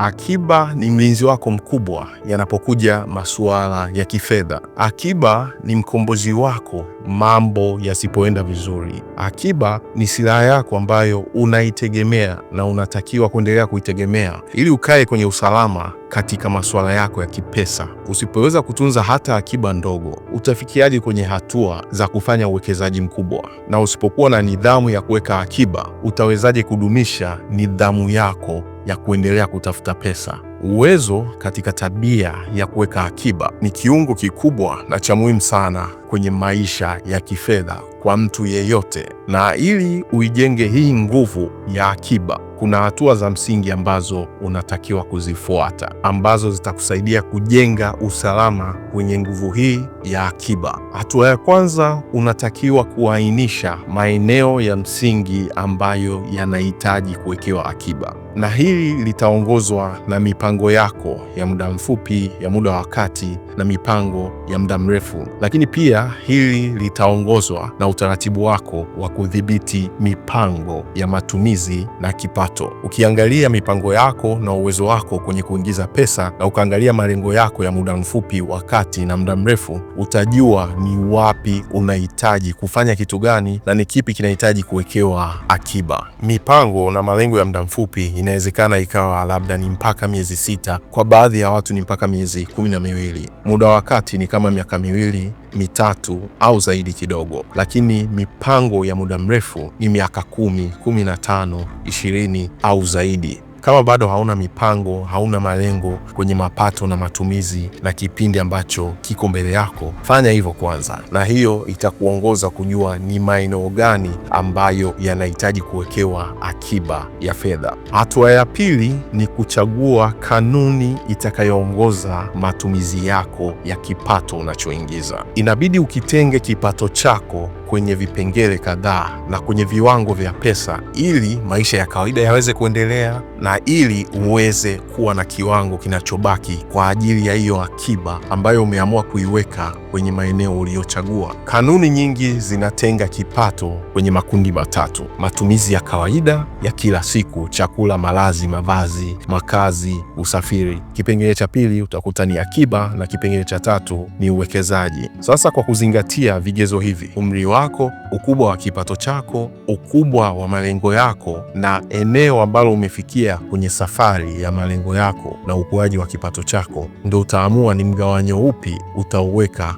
Akiba ni mlinzi wako mkubwa yanapokuja masuala ya kifedha. Akiba ni mkombozi wako mambo yasipoenda vizuri. Akiba ni silaha yako ambayo unaitegemea na unatakiwa kuendelea kuitegemea ili ukae kwenye usalama katika masuala yako ya kipesa. Usipoweza kutunza hata akiba ndogo, utafikiaje kwenye hatua za kufanya uwekezaji mkubwa? Na usipokuwa na nidhamu ya kuweka akiba, utawezaje kudumisha nidhamu yako ya kuendelea kutafuta pesa. Uwezo katika tabia ya kuweka akiba ni kiungo kikubwa na cha muhimu sana kwenye maisha ya kifedha kwa mtu yeyote, na ili uijenge hii nguvu ya akiba, kuna hatua za msingi ambazo unatakiwa kuzifuata ambazo zitakusaidia kujenga usalama kwenye nguvu hii ya akiba. Hatua ya kwanza, unatakiwa kuainisha maeneo ya msingi ambayo yanahitaji kuwekewa akiba na hili litaongozwa na mipango yako ya muda mfupi, ya muda wa kati na mipango ya muda mrefu. Lakini pia hili litaongozwa na utaratibu wako wa kudhibiti mipango ya matumizi na kipato. Ukiangalia mipango yako na uwezo wako kwenye kuingiza pesa na ukaangalia malengo yako ya muda mfupi, wa kati na muda mrefu, utajua ni wapi unahitaji kufanya kitu gani na ni kipi kinahitaji kuwekewa akiba. Mipango na malengo ya muda mfupi inawezekana ikawa labda ni mpaka miezi sita, kwa baadhi ya watu ni mpaka miezi kumi na miwili. Muda wa kati ni kama miaka miwili mitatu au zaidi kidogo, lakini mipango ya muda mrefu ni miaka kumi, kumi na tano, ishirini au zaidi. Kama bado hauna mipango, hauna malengo kwenye mapato na matumizi na kipindi ambacho kiko mbele yako, fanya hivyo kwanza, na hiyo itakuongoza kujua ni maeneo gani ambayo yanahitaji kuwekewa akiba ya fedha. Hatua ya pili ni kuchagua kanuni itakayoongoza matumizi yako ya kipato unachoingiza. Inabidi ukitenge kipato chako kwenye vipengele kadhaa na kwenye viwango vya pesa ili maisha ya kawaida yaweze kuendelea na ili uweze kuwa na kiwango kinachobaki kwa ajili ya hiyo akiba ambayo umeamua kuiweka kwenye maeneo uliyochagua. Kanuni nyingi zinatenga kipato kwenye makundi matatu: matumizi ya kawaida ya kila siku, chakula, malazi, mavazi, makazi, usafiri. Kipengele cha pili utakuta ni akiba, na kipengele cha tatu ni uwekezaji. Sasa, kwa kuzingatia vigezo hivi, umri wako, ukubwa wa kipato chako, ukubwa wa malengo yako, na eneo ambalo umefikia kwenye safari ya malengo yako na ukuaji wa kipato chako, ndo utaamua ni mgawanyo upi utauweka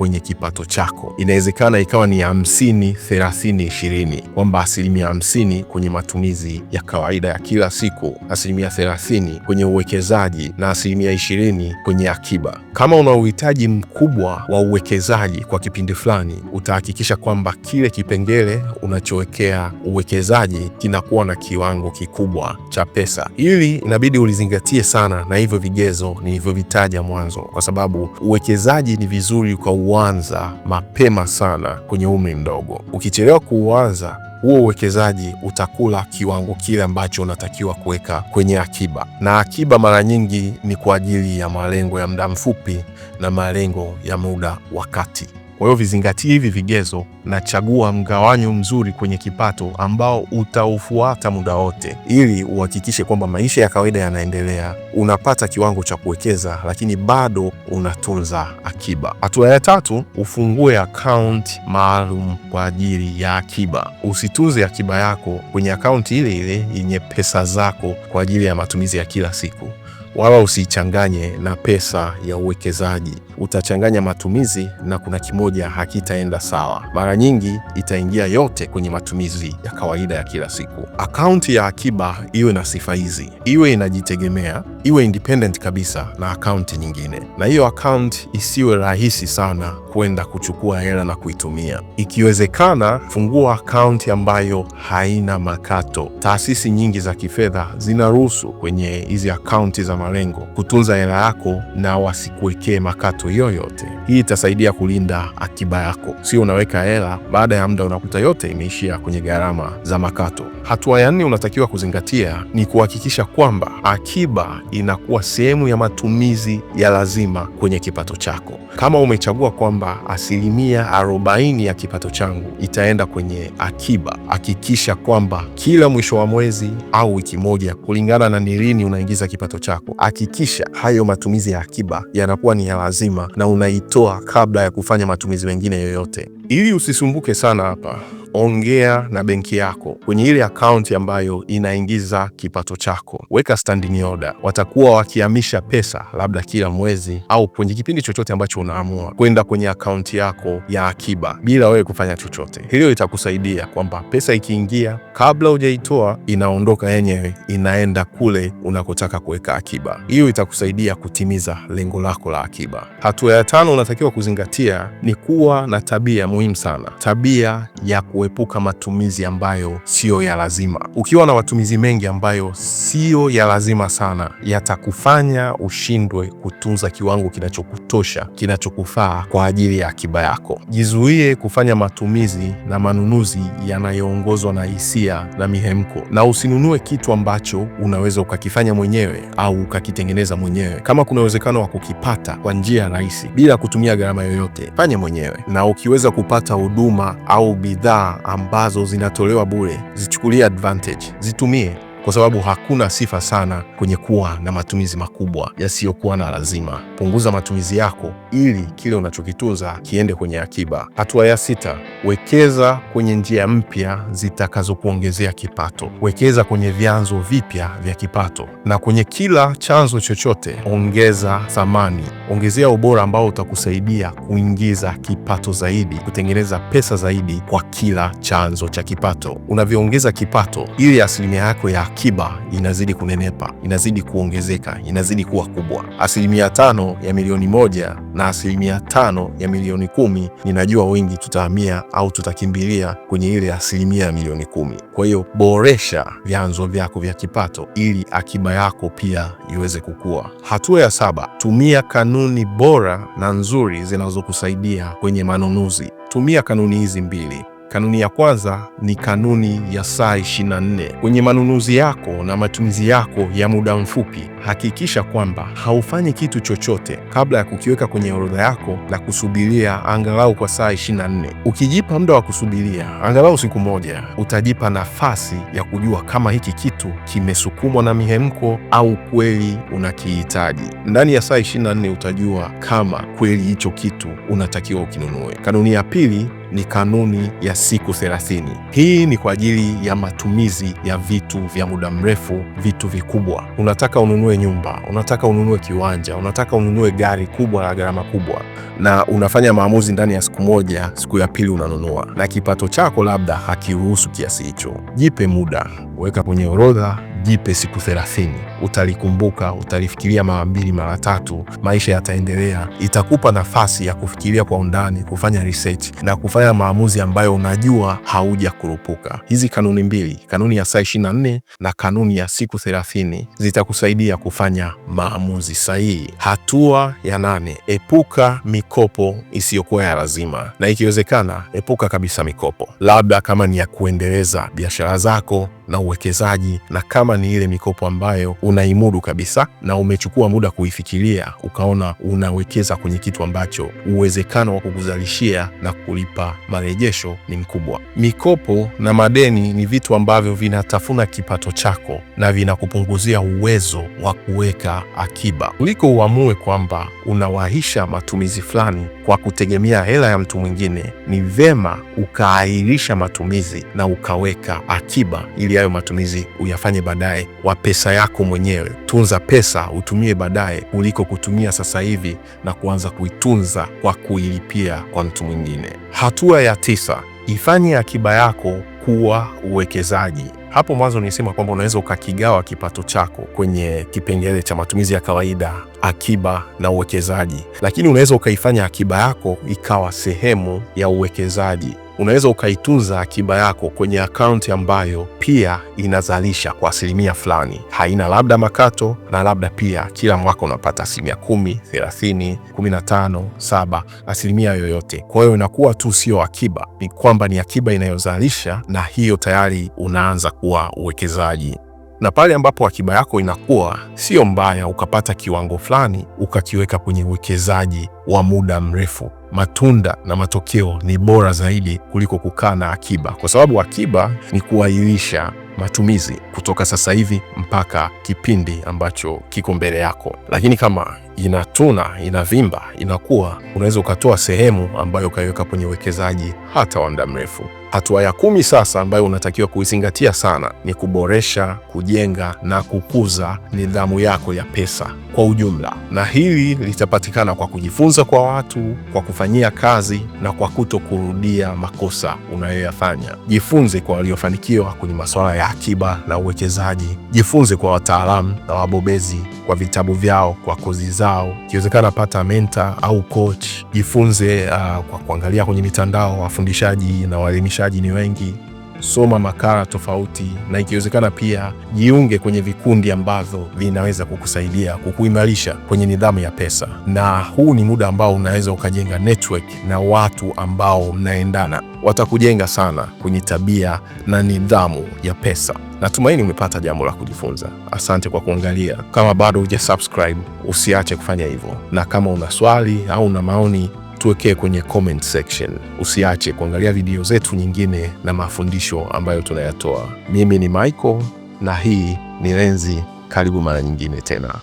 kwenye kipato chako. Inawezekana ikawa ni hamsini thelathini ishirini, kwamba asilimia hamsini kwenye matumizi ya kawaida ya kila siku, asilimia thelathini kwenye uwekezaji na asilimia ishirini kwenye akiba. Kama una uhitaji mkubwa wa uwekezaji kwa kipindi fulani, utahakikisha kwamba kile kipengele unachowekea uwekezaji kinakuwa na kiwango kikubwa cha pesa. Hili inabidi ulizingatie sana na hivyo vigezo nilivyovitaja mwanzo, kwa sababu uwekezaji ni vizuri kwa kuanza mapema sana kwenye umri mdogo. Ukichelewa kuanza huo uwekezaji utakula kiwango kile ambacho unatakiwa kuweka kwenye akiba, na akiba mara nyingi ni kwa ajili ya malengo ya muda mfupi na malengo ya muda wa kati. Kwa hiyo vizingatie hivi vigezo na chagua mgawanyo mzuri kwenye kipato ambao utaufuata muda wote, ili uhakikishe kwamba maisha ya kawaida yanaendelea, unapata kiwango cha kuwekeza, lakini bado unatunza akiba. Hatua ya tatu, ufungue akaunti maalum kwa ajili ya akiba. Usitunze akiba yako kwenye akaunti ile ile yenye pesa zako kwa ajili ya matumizi ya kila siku, wala usiichanganye na pesa ya uwekezaji utachanganya matumizi na kuna kimoja hakitaenda sawa, mara nyingi itaingia yote kwenye matumizi ya kawaida ya kila siku. Akaunti ya akiba iwe na sifa hizi: iwe inajitegemea, iwe independent kabisa na akaunti nyingine, na hiyo akaunti isiwe rahisi sana kwenda kuchukua hela na kuitumia. Ikiwezekana, fungua akaunti ambayo haina makato. Taasisi nyingi za kifedha zinaruhusu kwenye hizi akaunti za malengo kutunza hela yako na wasikuwekee makato yoyote. Hii itasaidia kulinda akiba yako, sio unaweka hela, baada ya muda unakuta yote imeishia kwenye gharama za makato. Hatua ya nne unatakiwa kuzingatia ni kuhakikisha kwamba akiba inakuwa sehemu ya matumizi ya lazima kwenye kipato chako. Kama umechagua kwamba asilimia 40 ya kipato changu itaenda kwenye akiba, hakikisha kwamba kila mwisho wa mwezi au wiki moja, kulingana na ni lini unaingiza kipato chako, hakikisha hayo matumizi ya akiba yanakuwa ni ya lazima nzima na unaitoa kabla ya kufanya matumizi mengine yoyote, ili usisumbuke sana hapa ongea na benki yako kwenye ile akaunti ambayo inaingiza kipato chako, weka standing order. Watakuwa wakihamisha pesa labda kila mwezi au kwenye kipindi chochote ambacho unaamua kwenda kwenye akaunti yako ya akiba bila wewe kufanya chochote. Hiyo itakusaidia kwamba pesa ikiingia, kabla hujaitoa inaondoka yenyewe, inaenda kule unakotaka kuweka akiba. Hiyo itakusaidia kutimiza lengo lako la akiba. Hatua ya tano unatakiwa kuzingatia ni kuwa na tabia muhimu sana, tabia ya ku kuepuka matumizi ambayo siyo ya lazima. Ukiwa na matumizi mengi ambayo siyo ya lazima sana, yatakufanya ushindwe kutunza kiwango kinachokutosha kinachokufaa kwa ajili ya akiba yako. Jizuie kufanya matumizi na manunuzi yanayoongozwa na hisia na mihemko, na usinunue kitu ambacho unaweza ukakifanya mwenyewe au ukakitengeneza mwenyewe. Kama kuna uwezekano wa kukipata kwa njia rahisi bila kutumia gharama yoyote, fanya mwenyewe, na ukiweza kupata huduma au bidhaa ambazo zinatolewa bure, zichukulie advantage, zitumie kwa sababu hakuna sifa sana kwenye kuwa na matumizi makubwa yasiyokuwa na lazima. Punguza matumizi yako ili kile unachokitunza kiende kwenye akiba. Hatua ya sita, wekeza kwenye njia mpya zitakazokuongezea kipato. Wekeza kwenye vyanzo vipya vya kipato, na kwenye kila chanzo chochote ongeza thamani, ongezea ubora ambao utakusaidia kuingiza kipato zaidi, kutengeneza pesa zaidi kwa kila chanzo cha kipato. Unavyoongeza kipato, ili asilimia yako ya akiba inazidi kunenepa, inazidi kuongezeka, inazidi kuwa kubwa. Asilimia tano ya milioni moja na asilimia tano ya milioni kumi, ninajua wengi tutahamia au tutakimbilia kwenye ile asilimia ya milioni kumi. Kwa hiyo boresha vyanzo vyako vya kipato ili akiba yako pia iweze kukua. Hatua ya saba, tumia kanuni bora na nzuri zinazokusaidia kwenye manunuzi. Tumia kanuni hizi mbili, Kanuni ya kwanza ni kanuni ya saa 24. Kwenye manunuzi yako na matumizi yako ya muda mfupi, hakikisha kwamba haufanyi kitu chochote kabla ya kukiweka kwenye orodha yako na kusubiria angalau kwa saa 24. Ukijipa muda wa kusubiria angalau siku moja, utajipa nafasi ya kujua kama hiki kitu kimesukumwa na mihemko au kweli unakihitaji. Ndani ya saa 24 utajua kama kweli hicho kitu unatakiwa ukinunue. Kanuni ya pili ni kanuni ya siku 30. Hii ni kwa ajili ya matumizi ya vitu vya muda mrefu, vitu vikubwa. Unataka ununue nyumba, unataka ununue kiwanja, unataka ununue gari kubwa la gharama kubwa, na unafanya maamuzi ndani ya siku moja, siku ya pili unanunua, na kipato chako labda hakiruhusu kiasi hicho. Jipe muda, weka kwenye orodha jipe siku thelathini utalikumbuka, utalifikiria mara mbili mara tatu, maisha yataendelea. Itakupa nafasi ya kufikiria kwa undani, kufanya research na kufanya maamuzi ambayo unajua hauja kurupuka. Hizi kanuni mbili, kanuni ya saa 24 na kanuni ya siku thelathini zitakusaidia kufanya maamuzi sahihi. Hatua ya nane, epuka mikopo isiyokuwa ya lazima, na ikiwezekana epuka kabisa mikopo, labda kama ni ya kuendeleza biashara zako na uwekezaji, na kama ni ile mikopo ambayo unaimudu kabisa na umechukua muda kuifikiria, ukaona unawekeza kwenye kitu ambacho uwezekano wa kukuzalishia na kulipa marejesho ni mkubwa. Mikopo na madeni ni vitu ambavyo vinatafuna kipato chako na vinakupunguzia uwezo wa kuweka akiba, kuliko uamue kwamba unawahisha matumizi fulani kwa kutegemea hela ya mtu mwingine, ni vema ukaahirisha matumizi na ukaweka akiba, ili hayo matumizi uyafanye baadaye kwa pesa yako mwenyewe. Tunza pesa utumie baadaye kuliko kutumia sasa hivi na kuanza kuitunza kwa kuilipia kwa mtu mwingine. Hatua ya tisa, ifanye akiba yako kuwa uwekezaji. Hapo mwanzo nilisema kwamba unaweza ukakigawa kipato chako kwenye kipengele cha matumizi ya kawaida, akiba na uwekezaji, lakini unaweza ukaifanya akiba yako ikawa sehemu ya uwekezaji. Unaweza ukaitunza akiba yako kwenye akaunti ambayo pia inazalisha kwa asilimia fulani, haina labda makato, na labda pia kila mwaka unapata asilimia kumi, thelathini, kumi na tano, saba, asilimia yoyote. Kwa hiyo inakuwa tu sio akiba, ni kwamba ni akiba inayozalisha, na hiyo tayari unaanza wa uwekezaji, na pale ambapo akiba yako inakuwa sio mbaya, ukapata kiwango fulani ukakiweka kwenye uwekezaji wa muda mrefu, matunda na matokeo ni bora zaidi kuliko kukaa na akiba, kwa sababu akiba ni kuahirisha matumizi kutoka sasa hivi mpaka kipindi ambacho kiko mbele yako, lakini kama inatuna, inavimba, inakuwa, unaweza ukatoa sehemu ambayo ukaiweka kwenye uwekezaji hata wa muda mrefu. Hatua ya kumi sasa ambayo unatakiwa kuizingatia sana ni kuboresha, kujenga na kukuza nidhamu yako ya pesa kwa ujumla, na hili litapatikana kwa kujifunza kwa watu, kwa kufanyia kazi na kwa kuto kurudia makosa unayoyafanya. Jifunze kwa waliofanikiwa kwenye masuala ya akiba na uwekezaji, jifunze kwa wataalamu na wabobezi, kwa vitabu vyao, kwa kozi zao mitandao, ikiwezekana apata menta au coach. Jifunze uh, kwa kuangalia kwenye mitandao, wafundishaji na waelimishaji ni wengi. Soma makala tofauti, na ikiwezekana pia jiunge kwenye vikundi ambavyo vinaweza kukusaidia kukuimarisha kwenye nidhamu ya pesa, na huu ni muda ambao unaweza ukajenga network na watu ambao mnaendana, watakujenga sana kwenye tabia na nidhamu ya pesa. Natumaini umepata jambo la kujifunza. Asante kwa kuangalia. Kama bado huja subscribe, usiache kufanya hivyo, na kama una swali au una maoni tuwekee kwenye comment section. Usiache kuangalia video zetu nyingine na mafundisho ambayo tunayatoa. Mimi ni Michael na hii ni Lenzi. Karibu mara nyingine tena.